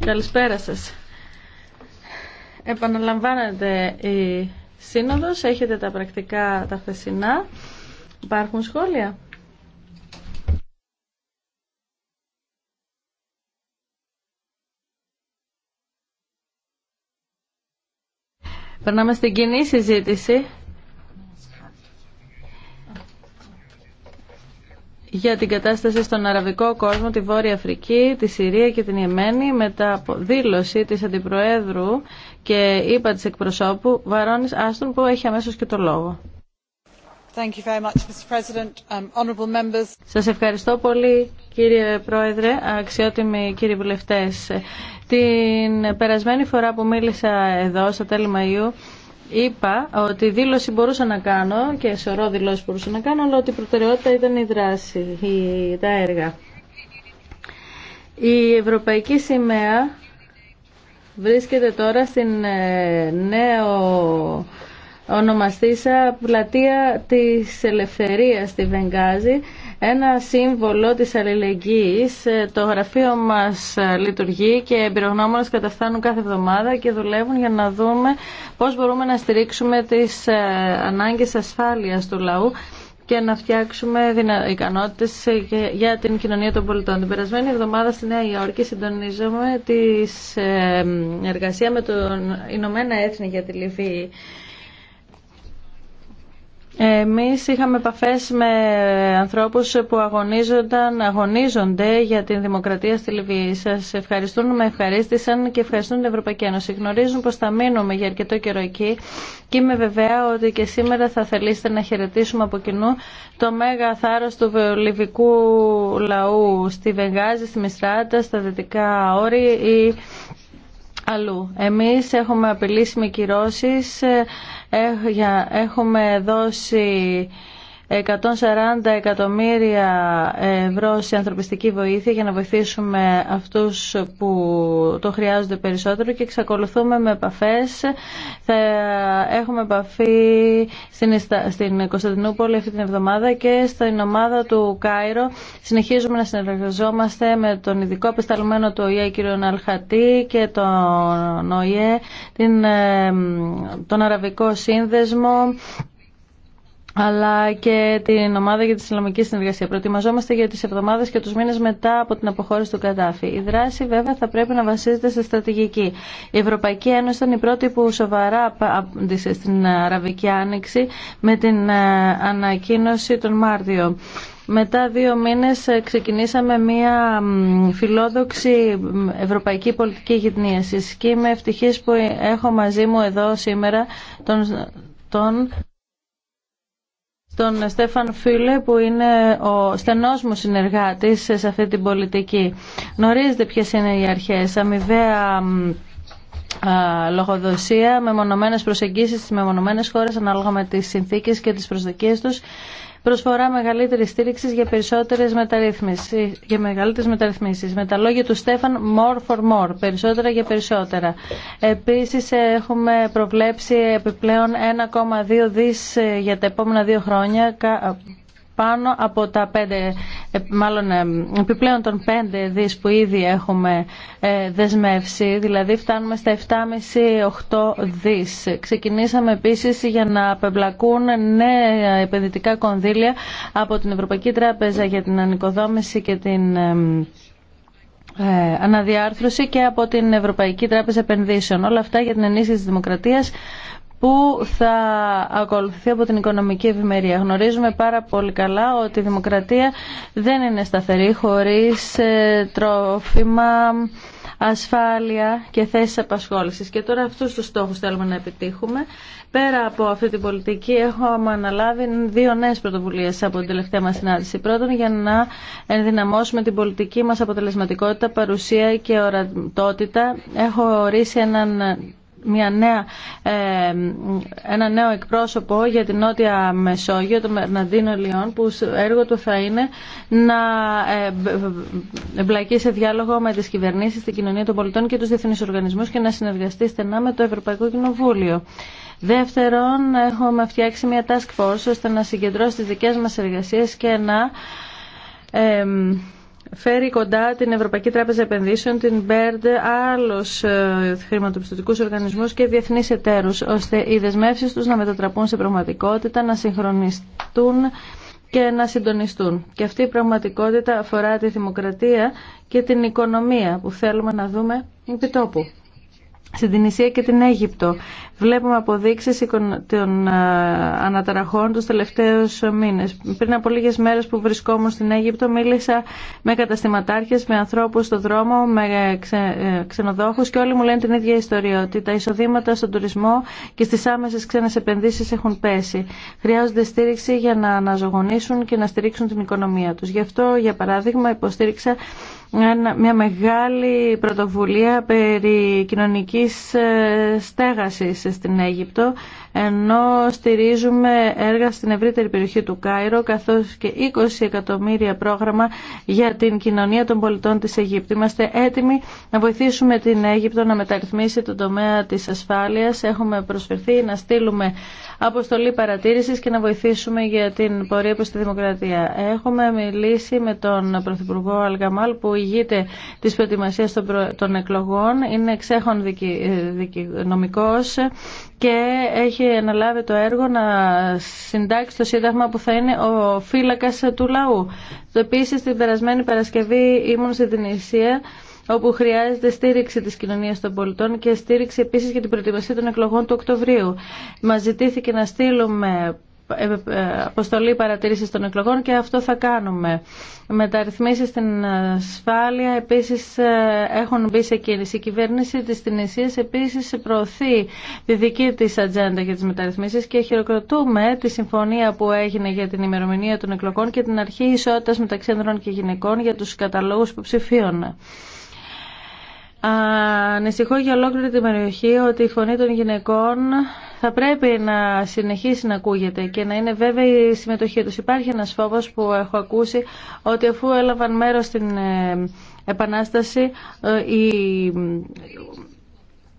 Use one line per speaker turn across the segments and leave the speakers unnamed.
Καλησπέρα σας. Επαναλαμβάνεται η σύνοδος. Έχετε τα πρακτικά τα χθεσινά. Υπάρχουν σχόλια. Περνάμε στην κοινή συζήτηση. για την κατάσταση στον αραβικό κόσμο, τη Βόρεια Αφρική, τη Συρία και την Ιεμένη μετά από δήλωση της Αντιπροέδρου και είπα της εκπροσώπου Βαρόνης Άστον που έχει αμέσως και το λόγο.
Thank you very much,
um, Σας ευχαριστώ πολύ κύριε Πρόεδρε, αξιότιμοι κύριοι βουλευτές. Την περασμένη φορά που μίλησα εδώ στα τέλη Μαΐου είπα ότι δήλωση μπορούσα να κάνω και σωρό δηλώσει μπορούσα να κάνω, αλλά ότι η προτεραιότητα ήταν η δράση, η, τα έργα. Η ευρωπαϊκή σημαία βρίσκεται τώρα στην ε, νέο ονομαστήσα πλατεία της Ελευθερίας στη Βενγάζη ένα σύμβολο της αλληλεγγύης. Ε, το γραφείο μας ε, λειτουργεί και εμπειρογνώμονε καταφθάνουν κάθε εβδομάδα και δουλεύουν για να δούμε πώς μπορούμε να στηρίξουμε τις ε, ανάγκες ασφάλειας του λαού και να φτιάξουμε ικανότητε για την κοινωνία των πολιτών. Την περασμένη εβδομάδα στη Νέα Υόρκη συντονίζουμε τη εργασία με τον Ηνωμένα Έθνη για τη Λιβύη. Εμείς είχαμε επαφέ με ανθρώπους που αγωνίζονταν, αγωνίζονται για την δημοκρατία στη Λιβύη. Σας ευχαριστούν, με ευχαρίστησαν και ευχαριστούν την Ευρωπαϊκή Ένωση. Γνωρίζουν πως θα μείνουμε για αρκετό καιρό εκεί και είμαι βεβαία ότι και σήμερα θα θελήσετε να χαιρετήσουμε από κοινού το μέγα θάρρο του λιβικού λαού στη Βεγγάζη, στη Μιστράτα, στα Δυτικά Όρη ή αλλού. Εμείς έχουμε απειλήσει με κυρώσεις έχουμε δώσει 140 εκατομμύρια ευρώ σε ανθρωπιστική βοήθεια για να βοηθήσουμε αυτούς που το χρειάζονται περισσότερο και εξακολουθούμε με επαφές. Θα έχουμε επαφή στην, στην Κωνσταντινούπολη αυτή την εβδομάδα και στην ομάδα του Κάιρο. Συνεχίζουμε να συνεργαζόμαστε με τον ειδικό απεσταλμένο του ΟΗΕ κ. Αλχατή και τον ΟΗΕ, τον Αραβικό Σύνδεσμο αλλά και την ομάδα για τη Ισλαμική Συνεργασία. Προετοιμαζόμαστε για τι εβδομάδε και του μήνε μετά από την αποχώρηση του Καντάφη. Η δράση, βέβαια, θα πρέπει να βασίζεται σε στρατηγική. Η Ευρωπαϊκή Ένωση ήταν η πρώτη που σοβαρά απάντησε στην Αραβική Άνοιξη με την ε, ανακοίνωση τον Μάρτιο. Μετά δύο μήνες ε, ξεκινήσαμε μια φιλόδοξη ευρωπαϊκή πολιτική γυντνίαση και είμαι ευτυχής που έχω μαζί μου εδώ σήμερα τον, τον τον Στέφαν Φίλε που είναι ο στενός μου συνεργάτης σε αυτή την πολιτική. Γνωρίζετε ποιες είναι οι αρχές, αμοιβαία λογοδοσία, μεμονωμένες προσεγγίσεις στις μεμονωμένες χώρες ανάλογα με τις συνθήκες και τις προσδοκίες τους προσφορά μεγαλύτερη στήριξη για περισσότερε μεταρρυθμίσει. Για μεγαλύτερε Με τα λόγια του Στέφαν, more for more. Περισσότερα για περισσότερα. Επίση, έχουμε προβλέψει επιπλέον 1,2 δι ε, για τα επόμενα δύο χρόνια πάνω από τα πέντε ε, μάλλον ε, επιπλέον των 5 δις που ήδη έχουμε ε, δεσμεύσει, δηλαδή φτάνουμε στα 7,5-8 δις. Ξεκινήσαμε επίσης για να απεμπλακούν νέα επενδυτικά κονδύλια από την Ευρωπαϊκή Τράπεζα για την ανοικοδόμηση και την αναδιάρθρωση και από την Ευρωπαϊκή Τράπεζα Επενδύσεων. Όλα αυτά για την ενίσχυση της δημοκρατίας που θα ακολουθεί από την οικονομική ευημερία. Γνωρίζουμε πάρα πολύ καλά ότι η δημοκρατία δεν είναι σταθερή χωρίς ε, τρόφιμα, ασφάλεια και θέσεις απασχόλησης. Και τώρα αυτούς τους στόχους θέλουμε να επιτύχουμε. Πέρα από αυτή την πολιτική έχω αναλάβει δύο νέες πρωτοβουλίες από την τελευταία μας συνάντηση. Πρώτον για να ενδυναμώσουμε την πολιτική μας αποτελεσματικότητα, παρουσία και ορατότητα. Έχω ορίσει έναν μια νέα, ε, ένα νέο εκπρόσωπο για την Νότια Μεσόγειο, τον Μερναντίνο Λιόν, που έργο του θα είναι να ε, εμπλακεί σε διάλογο με τις κυβερνήσεις, την κοινωνία των πολιτών και τους διεθνείς οργανισμούς και να συνεργαστεί στενά με το Ευρωπαϊκό Κοινοβούλιο. Δεύτερον, έχουμε φτιάξει μια task force ώστε να συγκεντρώσει τις δικές μας εργασίες και να ε, φέρει κοντά την Ευρωπαϊκή Τράπεζα Επενδύσεων, την BERD, άλλους ε, χρηματοπιστωτικούς οργανισμούς και διεθνείς εταίρους, ώστε οι δεσμεύσεις τους να μετατραπούν σε πραγματικότητα, να συγχρονιστούν και να συντονιστούν. Και αυτή η πραγματικότητα αφορά τη δημοκρατία και την οικονομία που θέλουμε να δούμε επί τόπου στην Τινησία και την Αίγυπτο. Βλέπουμε αποδείξεις των ε, αναταραχών τους τελευταίους μήνες. Πριν από λίγες μέρες που βρισκόμουν στην Αίγυπτο μίλησα με καταστηματάρχες, με ανθρώπους στον δρόμο, με ε, ξενοδόχους και όλοι μου λένε την ίδια ιστορία ότι τα εισοδήματα στον τουρισμό και στις άμεσες ξένες επενδύσεις έχουν πέσει. Χρειάζονται στήριξη για να αναζωογονήσουν και να στηρίξουν την οικονομία τους. Γι' αυτό, για παράδειγμα, υποστήριξα μια μεγάλη πρωτοβουλία περί κοινωνικής ε, στέγασης στην Αίγυπτο ενώ στηρίζουμε έργα στην ευρύτερη περιοχή του Κάιρο καθώς και 20 εκατομμύρια πρόγραμμα για την κοινωνία των πολιτών της Αιγύπτου. Είμαστε έτοιμοι να βοηθήσουμε την Αίγυπτο να μεταρρυθμίσει τον τομέα της ασφάλειας. Έχουμε προσφερθεί να στείλουμε αποστολή παρατήρησης και να βοηθήσουμε για την πορεία προς τη δημοκρατία. Έχουμε μιλήσει με τον Πρωθυπουργό Αλγαμάλ που ηγείται της προετοιμασίας των εκλογών, είναι εξέχον δικηνομικό και έχει αναλάβει το έργο να συντάξει το Σύνταγμα που θα είναι ο φύλακα του λαού. Επίση, την περασμένη Παρασκευή ήμουν στην Ισία όπου χρειάζεται στήριξη της κοινωνίας των πολιτών και στήριξη επίσης για την προετοιμασία των εκλογών του Οκτωβρίου. Μας ζητήθηκε να στείλουμε αποστολή παρατήρησης των εκλογών και αυτό θα κάνουμε. Μεταρρυθμίσεις στην ασφάλεια επίσης ε, έχουν μπει σε κίνηση. Η κυβέρνηση της Τινησίας επίσης προωθεί τη δική της ατζέντα για τις μεταρρυθμίσεις και χειροκροτούμε τη συμφωνία που έγινε για την ημερομηνία των εκλογών και την αρχή ισότητας μεταξύ ανδρών και γυναικών για τους καταλόγους υποψηφίων. Ανησυχώ για ολόκληρη την περιοχή ότι η φωνή των γυναικών θα πρέπει να συνεχίσει να ακούγεται και να είναι βέβαιη η συμμετοχή τους. Υπάρχει ένας φόβος που έχω ακούσει ότι αφού έλαβαν μέρος στην ε, Επανάσταση ε, η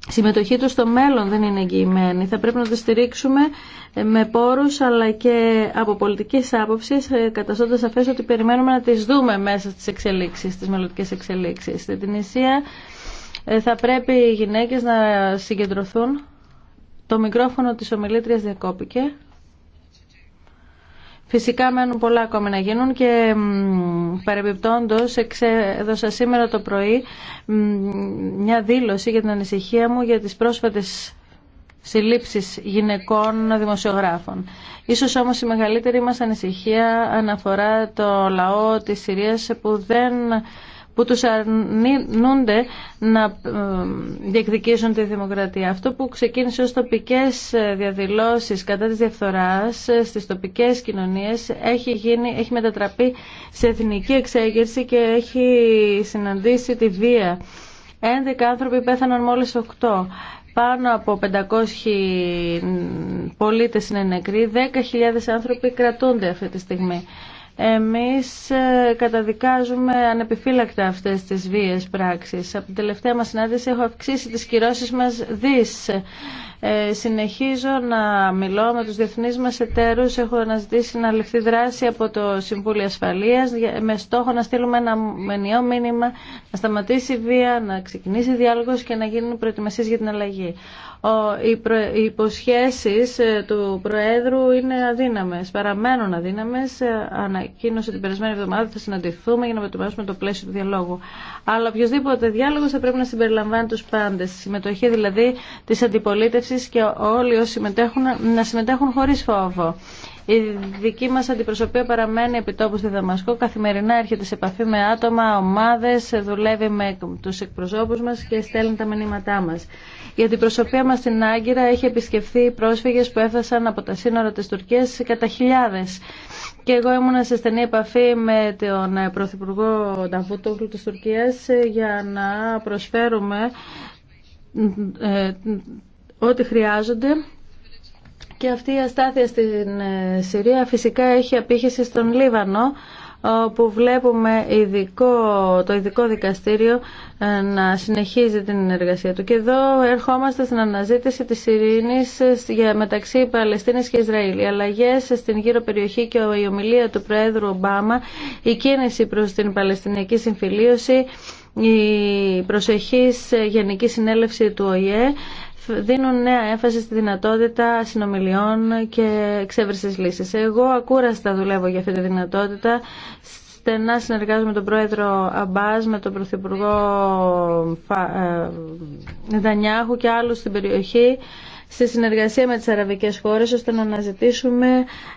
συμμετοχή τους στο μέλλον δεν είναι εγγυημένη. Θα πρέπει να το στηρίξουμε ε, με πόρους αλλά και από πολιτικής άποψης καταστώντας σαφές ότι περιμένουμε να τις δούμε μέσα στις εξελίξεις, στις μελλοντικές εξελίξεις. Στην Ισία θα πρέπει οι γυναίκες να συγκεντρωθούν το μικρόφωνο της ομιλήτριας διακόπηκε. Φυσικά μένουν πολλά ακόμη να γίνουν και παρεμπιπτόντως έδωσα σήμερα το πρωί μια δήλωση για την ανησυχία μου για τις πρόσφατες συλλήψεις γυναικών δημοσιογράφων. Ίσως όμως η μεγαλύτερη μας ανησυχία αναφορά το λαό της Συρίας που δεν που τους αρνούνται να ε, διεκδικήσουν τη δημοκρατία. Αυτό που ξεκίνησε ως τοπικές ε, διαδηλώσεις κατά της διαφθοράς ε, στις τοπικές κοινωνίες έχει, γίνει, έχει μετατραπεί σε εθνική εξέγερση και έχει συναντήσει τη βία. 11 άνθρωποι πέθαναν μόλις 8. Πάνω από 500 πολίτες είναι νεκροί, 10.000 άνθρωποι κρατούνται αυτή τη στιγμή. Εμείς ε, καταδικάζουμε ανεπιφύλακτα αυτές τις βίες πράξεις. Από την τελευταία μας συνάντηση έχω αυξήσει τις κυρώσεις μας δις. Ε, συνεχίζω να μιλώ με τους διεθνείς μας εταίρους. Έχω αναζητήσει να ληφθεί δράση από το Συμβούλιο Ασφαλείας με στόχο να στείλουμε ένα μενιό μήνυμα, να σταματήσει η βία, να ξεκινήσει διάλογος και να γίνουν προετοιμασίες για την αλλαγή. Οι υποσχέσεις ε, του Προέδρου είναι αδύναμες, παραμένουν αδύναμες. Ε, ανακοίνωσε την περασμένη εβδομάδα θα συναντηθούμε για να προετοιμάσουμε το πλαίσιο του διαλόγου. Αλλά οποιοδήποτε διάλογος θα πρέπει να συμπεριλαμβάνει τους πάντες. Συμμετοχή δηλαδή της αντιπολίτευσης και όλοι όσοι συμμετέχουν να συμμετέχουν χωρίς φόβο. Η δική μας αντιπροσωπεία παραμένει επιτόπου στη Δαμασκό. Καθημερινά έρχεται σε επαφή με άτομα, ομάδες, δουλεύει με τους εκπροσώπους μας και στέλνει τα μηνύματά μας. Η αντιπροσωπεία μας στην Άγκυρα έχει επισκεφθεί πρόσφυγες που έφτασαν από τα σύνορα της Τουρκίας κατά χιλιάδες. Και εγώ ήμουν σε στενή επαφή με τον Πρωθυπουργό Νταβούτογλου της Τουρκίας για να προσφέρουμε ε, ό,τι χρειάζονται και αυτή η αστάθεια στην ε, Συρία φυσικά έχει απήχηση στον Λίβανο που βλέπουμε ειδικό, το ειδικό δικαστήριο ε, να συνεχίζει την εργασία του. Και εδώ ερχόμαστε στην αναζήτηση της ειρήνης ε, μεταξύ Παλαιστίνης και Ισραήλ. Οι αλλαγές στην γύρω περιοχή και η ομιλία του Πρόεδρου Ομπάμα, η κίνηση προς την Παλαιστινιακή συμφιλίωση, η προσεχής Γενική Συνέλευση του ΟΗΕ δίνουν νέα έμφαση στη δυνατότητα συνομιλιών και εξέβρισης λύσεις. Εγώ ακούραστα δουλεύω για αυτή τη δυνατότητα στενά συνεργάζομαι με τον πρόεδρο Αμπάς, με τον πρωθυπουργό Δανιάχου ε, και άλλους στην περιοχή σε συνεργασία με τις αραβικές χώρες ώστε να αναζητήσουμε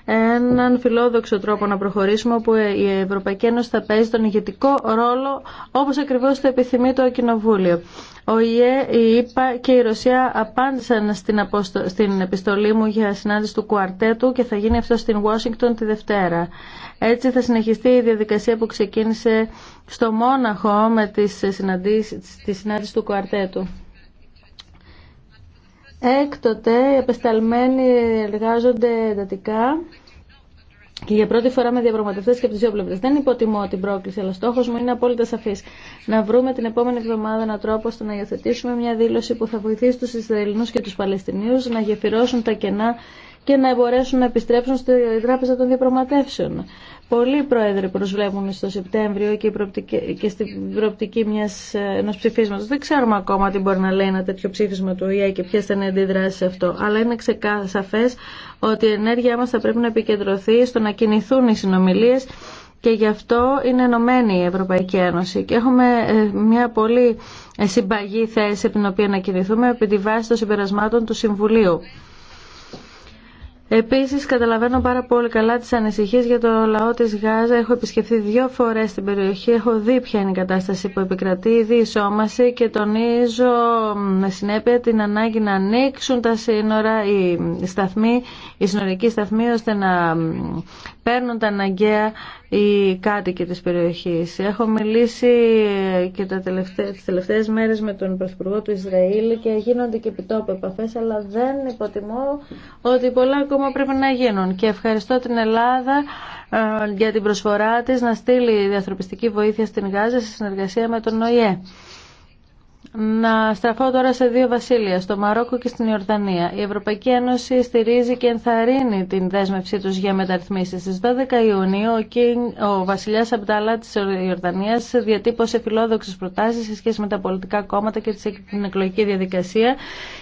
έναν φιλόδοξο τρόπο να προχωρήσουμε όπου η Ευρωπαϊκή Ένωση θα παίζει τον ηγετικό ρόλο όπως ακριβώς το επιθυμεί το Κοινοβούλιο. Ο ΙΕ, η ΙΠΑ και η Ρωσία απάντησαν στην, επιστολή μου για συνάντηση του κουαρτέτου και θα γίνει αυτό στην Ουάσιγκτον τη Δευτέρα. Έτσι θα συνεχιστεί η διαδικασία που ξεκίνησε στο Μόναχο με τις συναντήσεις, τη συνάντηση του κουαρτέτου. Έκτοτε οι επεσταλμένοι εργάζονται εντατικά και για πρώτη φορά με διαπραγματευτέ και από τι δύο πλευρέ. Δεν υποτιμώ την πρόκληση, αλλά στόχο μου είναι απόλυτα σαφή. Να βρούμε την επόμενη εβδομάδα έναν τρόπο ώστε να υιοθετήσουμε μια δήλωση που θα βοηθήσει του Ισραηλινού και του Παλαιστινίου να γεφυρώσουν τα κενά και να μπορέσουν να επιστρέψουν στη τράπεζα των διαπραγματεύσεων. Πολλοί πρόεδροι προσβλέπουν στο Σεπτέμβριο και, προπτική, και στην προοπτική μιας, ε, ενός ψηφίσματος. Δεν ξέρουμε ακόμα τι μπορεί να λέει ένα τέτοιο ψήφισμα του ΟΗΕ και ποιες θα είναι αντιδράσεις σε αυτό. Αλλά είναι σαφές ότι η ενέργειά μας θα πρέπει να επικεντρωθεί στο να κινηθούν οι συνομιλίες και γι' αυτό είναι ενωμένη η Ευρωπαϊκή Ένωση και έχουμε ε, μια πολύ ε, συμπαγή θέση από την οποία να κινηθούμε επί τη βάση των συμπερασμάτων του Συμβουλίου. Επίσης καταλαβαίνω πάρα πολύ καλά τις ανησυχίες για το λαό της Γάζα. Έχω επισκεφθεί δύο φορές την περιοχή, έχω δει ποια είναι η κατάσταση που επικρατεί, η διεισόμαση και τονίζω με συνέπεια την ανάγκη να ανοίξουν τα σύνορα, οι σταθμοί, οι συνορικοί σταθμοί ώστε να παίρνουν τα αναγκαία οι κάτοικοι της περιοχής. Έχω μιλήσει και τα τελευταί, τις τελευταίες μέρες με τον Πρωθυπουργό του Ισραήλ και γίνονται και επιτόπου επαφές, αλλά δεν υποτιμώ ότι πολλά ακόμα πρέπει να γίνουν. Και ευχαριστώ την Ελλάδα ε, για την προσφορά της να στείλει διαθροπιστική βοήθεια στην Γάζα σε συνεργασία με τον ΟΗΕ. Να στραφώ τώρα σε δύο βασίλεια, στο Μαρόκο και στην Ιορδανία. Η Ευρωπαϊκή Ένωση στηρίζει και ενθαρρύνει την δέσμευσή του για μεταρρυθμίσει. Στι 12 Ιουνίου, ο, King, ο βασιλιά Αμπταλά τη Ιορδανία διατύπωσε φιλόδοξε προτάσει σε σχέση με τα πολιτικά κόμματα και την εκλογική διαδικασία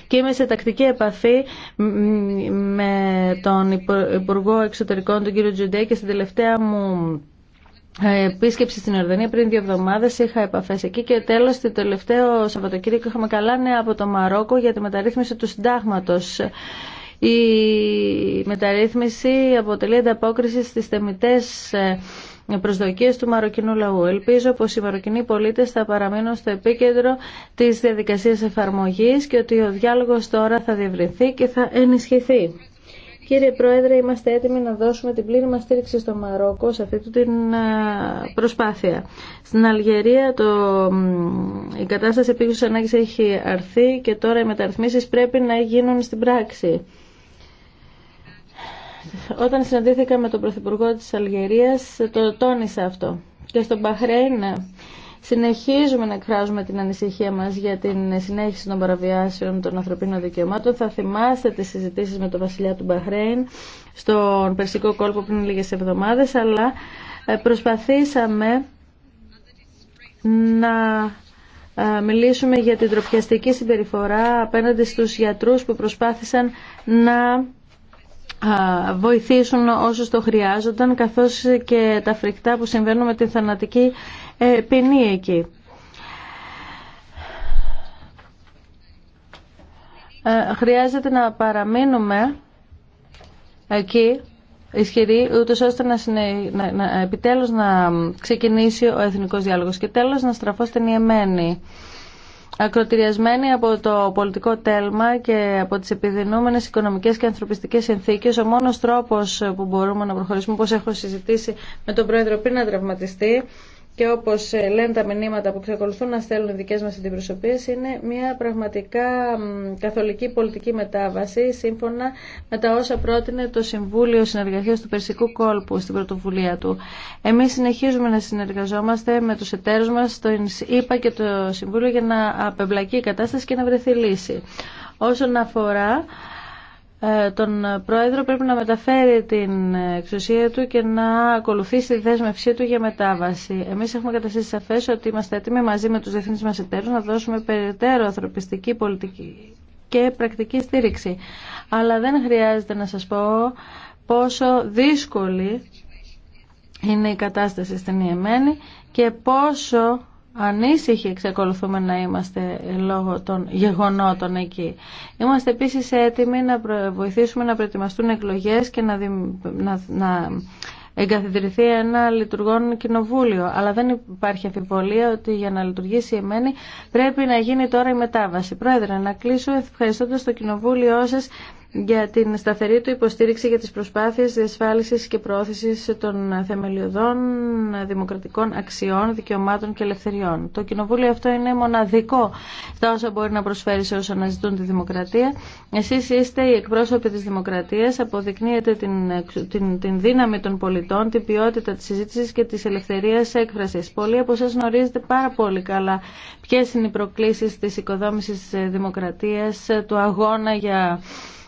και είμαι σε τακτική επαφή με τον Υπουργό Εξωτερικών, τον κύριο Τζουντέ, και στην τελευταία μου ε, επίσκεψη στην Ορδανία πριν δύο εβδομάδε. Είχα επαφέ εκεί και τέλο το τελευταίο Σαββατοκύριακο είχαμε καλά νέα από το Μαρόκο για τη μεταρρύθμιση του συντάγματο. Η μεταρρύθμιση αποτελεί ανταπόκριση στι θεμητέ ε, προσδοκίε του μαροκινού λαού. Ελπίζω πω οι μαροκινοί πολίτε θα παραμείνουν στο επίκεντρο τη διαδικασία εφαρμογή και ότι ο διάλογο τώρα θα διευρυνθεί και θα ενισχυθεί. Κύριε Πρόεδρε, είμαστε έτοιμοι να δώσουμε την πλήρη μας στήριξη στο Μαρόκο σε αυτή την προσπάθεια. Στην Αλγερία το... η κατάσταση επίγουσα ανάγκης έχει αρθεί και τώρα οι μεταρρυθμίσεις πρέπει να γίνουν στην πράξη. Όταν συναντήθηκα με τον Πρωθυπουργό της Αλγερίας το τόνισα αυτό. Και στον Παχρέιν Συνεχίζουμε να εκφράζουμε την ανησυχία μας για την συνέχιση των παραβιάσεων των ανθρωπίνων δικαιωμάτων. Θα θυμάστε τις συζητήσεις με τον βασιλιά του Μπαχρέιν στον Περσικό κόλπο πριν λίγες εβδομάδες, αλλά ε, προσπαθήσαμε να ε, μιλήσουμε για την τροπιαστική συμπεριφορά απέναντι στους γιατρούς που προσπάθησαν να ε, βοηθήσουν όσους το χρειάζονταν καθώς και τα φρικτά που συμβαίνουν με την θανατική ε, ποινή εκεί. Ε, χρειάζεται να παραμείνουμε εκεί ισχυρή, ούτως ώστε να, συνε... να, επιτέλους να ξεκινήσει ο εθνικός διάλογος και τέλος να στραφώ στην Ιεμένη. Ακροτηριασμένη από το πολιτικό τέλμα και από τις επιδεινούμενες οικονομικές και ανθρωπιστικές συνθήκες, ο μόνος τρόπος που μπορούμε να προχωρήσουμε, όπως έχω συζητήσει με τον Πρόεδρο πριν να τραυματιστεί, και όπως ε, λένε τα μηνύματα που ξεκολουθούν να στέλνουν οι δικές μας αντιπροσωπείες είναι μια πραγματικά καθολική πολιτική μετάβαση σύμφωνα με τα όσα πρότεινε το Συμβούλιο Συνεργασίας του Περσικού Κόλπου στην πρωτοβουλία του. Εμείς συνεχίζουμε να συνεργαζόμαστε με τους εταίρους μας, το ΙΠΑ και το Συμβούλιο για να απεμπλακεί η κατάσταση και να βρεθεί λύση. Όσον αφορά ε, τον Πρόεδρο πρέπει να μεταφέρει την εξουσία του και να ακολουθήσει τη δέσμευσή του για μετάβαση. Εμείς έχουμε καταστήσει σαφέ ότι είμαστε έτοιμοι μαζί με τους διεθνείς μας εταίρους να δώσουμε περαιτέρω ανθρωπιστική πολιτική και πρακτική στήριξη. Αλλά δεν χρειάζεται να σας πω πόσο δύσκολη είναι η κατάσταση στην Ιεμένη και πόσο Ανήσυχοι εξακολουθούμε να είμαστε λόγω των γεγονότων εκεί. Είμαστε επίσης έτοιμοι να βοηθήσουμε να προετοιμαστούν εκλογές και να, δι... να... να εγκαθιδρυθεί ένα λειτουργόν κοινοβούλιο. Αλλά δεν υπάρχει αμφιβολία ότι για να λειτουργήσει η εμένη πρέπει να γίνει τώρα η μετάβαση. Πρόεδρε, να κλείσω ευχαριστώντας το κοινοβούλιο σα για την σταθερή του υποστήριξη για τις προσπάθειες διασφάλισης και προώθησης των θεμελιωδών δημοκρατικών αξιών, δικαιωμάτων και ελευθεριών. Το κοινοβούλιο αυτό είναι μοναδικό στα όσα μπορεί να προσφέρει σε όσα αναζητούν τη δημοκρατία. Εσείς είστε οι εκπρόσωποι της δημοκρατίας, αποδεικνύετε την, την, δύναμη των πολιτών, την ποιότητα της συζήτησης και της ελευθερίας έκφρασης. Πολλοί από εσάς γνωρίζετε πάρα πολύ καλά ποιες είναι οι προκλήσεις της οικοδόμησης δημοκρατίας, του αγώνα για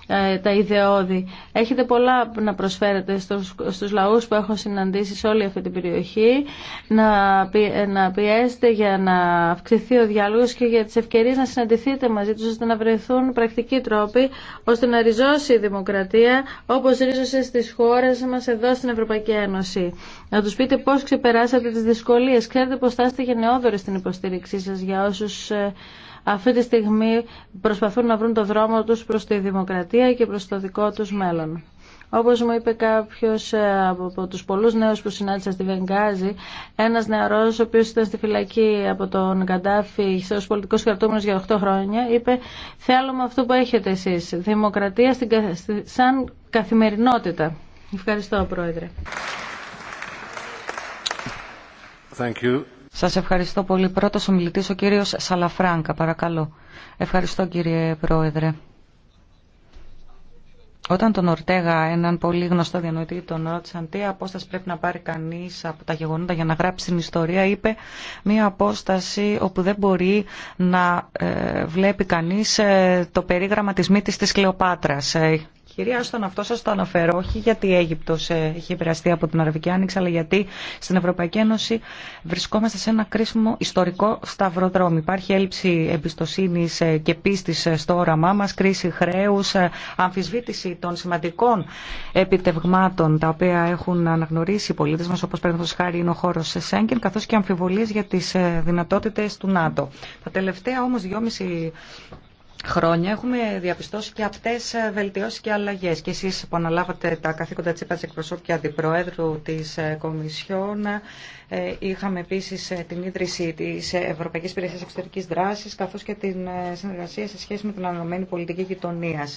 ε, τα ιδεώδη. Έχετε πολλά να προσφέρετε στους, στους λαούς που έχω συναντήσει σε όλη αυτή την περιοχή, να, να πιέσετε για να αυξηθεί ο διάλογος και για τις ευκαιρίες να συναντηθείτε μαζί τους ώστε να βρεθούν πρακτικοί τρόποι ώστε να ριζώσει η δημοκρατία όπως ρίζωσε στις χώρες μας εδώ στην Ευρωπαϊκή Ένωση. Να τους πείτε πώς ξεπεράσατε τις δυσκολίες. Ξέρετε πως θα είστε στην υποστήριξή σας για όσους ε, αυτή τη στιγμή προσπαθούν να βρουν το δρόμο τους προς τη δημοκρατία και προς το δικό τους μέλλον. Όπως μου είπε κάποιος ε, από τους πολλούς νέους που συνάντησα στη Βενγκάζη, ένας νεαρός ο οποίος ήταν στη φυλακή από τον Καντάφη ως πολιτικός κρατούμενος για 8 χρόνια, είπε «Θέλουμε αυτό που έχετε εσείς, δημοκρατία στην, σαν καθημερινότητα». Ευχαριστώ, Πρόεδρε.
Thank you. Σας ευχαριστώ πολύ. Πρώτος μιλητής ο κύριος Σαλαφράγκα, παρακαλώ. Ευχαριστώ κύριε Πρόεδρε. Όταν τον Ορτέγα, έναν πολύ γνωστό διανοητή, τον ρώτησαν τι απόσταση πρέπει να πάρει κανεί από τα γεγονότα για να γράψει την ιστορία, είπε μία απόσταση όπου δεν μπορεί να ε, βλέπει κανεί ε, το περίγραμμα τη μύτη τη Κλεοπάτρα. Ε, Κυρία Άστον, αυτό σα το αναφέρω όχι γιατί η Αίγυπτο ε, έχει επηρεαστεί από την Αραβική Άνοιξη, αλλά γιατί στην Ευρωπαϊκή Ένωση βρισκόμαστε σε ένα κρίσιμο ιστορικό σταυροδρόμι. Υπάρχει έλλειψη εμπιστοσύνη ε, και πίστη ε, στο όραμά μα, κρίση χρέου, αμφισβήτηση των σημαντικών επιτευγμάτων τα οποία έχουν αναγνωρίσει οι πολίτε μα, όπω παραδείγματο χάρη είναι ο χώρο Σέγγεν, καθώ και αμφιβολίε για τι δυνατότητε του ΝΑΤΟ. Τα τελευταία όμω δυόμιση χρόνια έχουμε διαπιστώσει και αυτέ ε, βελτιώσει και αλλαγέ. Και εσεί που αναλάβατε τα καθήκοντα τη ΕΠΑΤΣ και αντιπροέδρου τη ε, Κομισιόν, ε, είχαμε επίση την ίδρυση τη Ευρωπαϊκή Υπηρεσία Εξωτερική Δράση, καθώ και την συνεργασία σε σχέση με την αναλωμένη πολιτική γειτονία.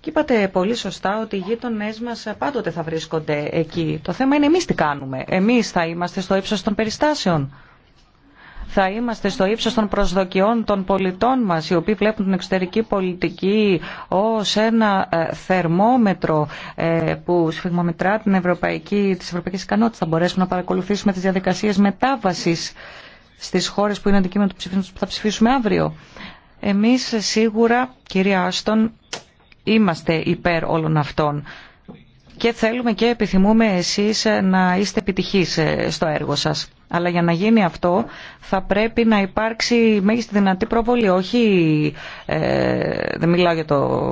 Και είπατε πολύ σωστά ότι οι γείτονέ μα πάντοτε θα βρίσκονται εκεί. Το θέμα είναι εμεί τι κάνουμε. Εμεί θα είμαστε στο ύψο των περιστάσεων θα είμαστε στο ύψο των προσδοκιών των πολιτών μας, οι οποίοι βλέπουν την εξωτερική πολιτική ως ένα ε, θερμόμετρο ε, που σφιγμομετρά την ευρωπαϊκή, τις ευρωπαϊκές ικανότητες. Θα μπορέσουμε να παρακολουθήσουμε τις διαδικασίες μετάβασης στις χώρες που είναι αντικείμενο του ψηφίσματος που θα ψηφίσουμε αύριο. Εμείς σίγουρα, κυρία Άστον, είμαστε υπέρ όλων αυτών και θέλουμε και επιθυμούμε εσείς ε, να είστε επιτυχείς ε, στο έργο σας. Αλλά για να γίνει αυτό θα πρέπει να υπάρξει μέγιστη δυνατή προβολή. Όχι, ε, δεν μιλάω για, το,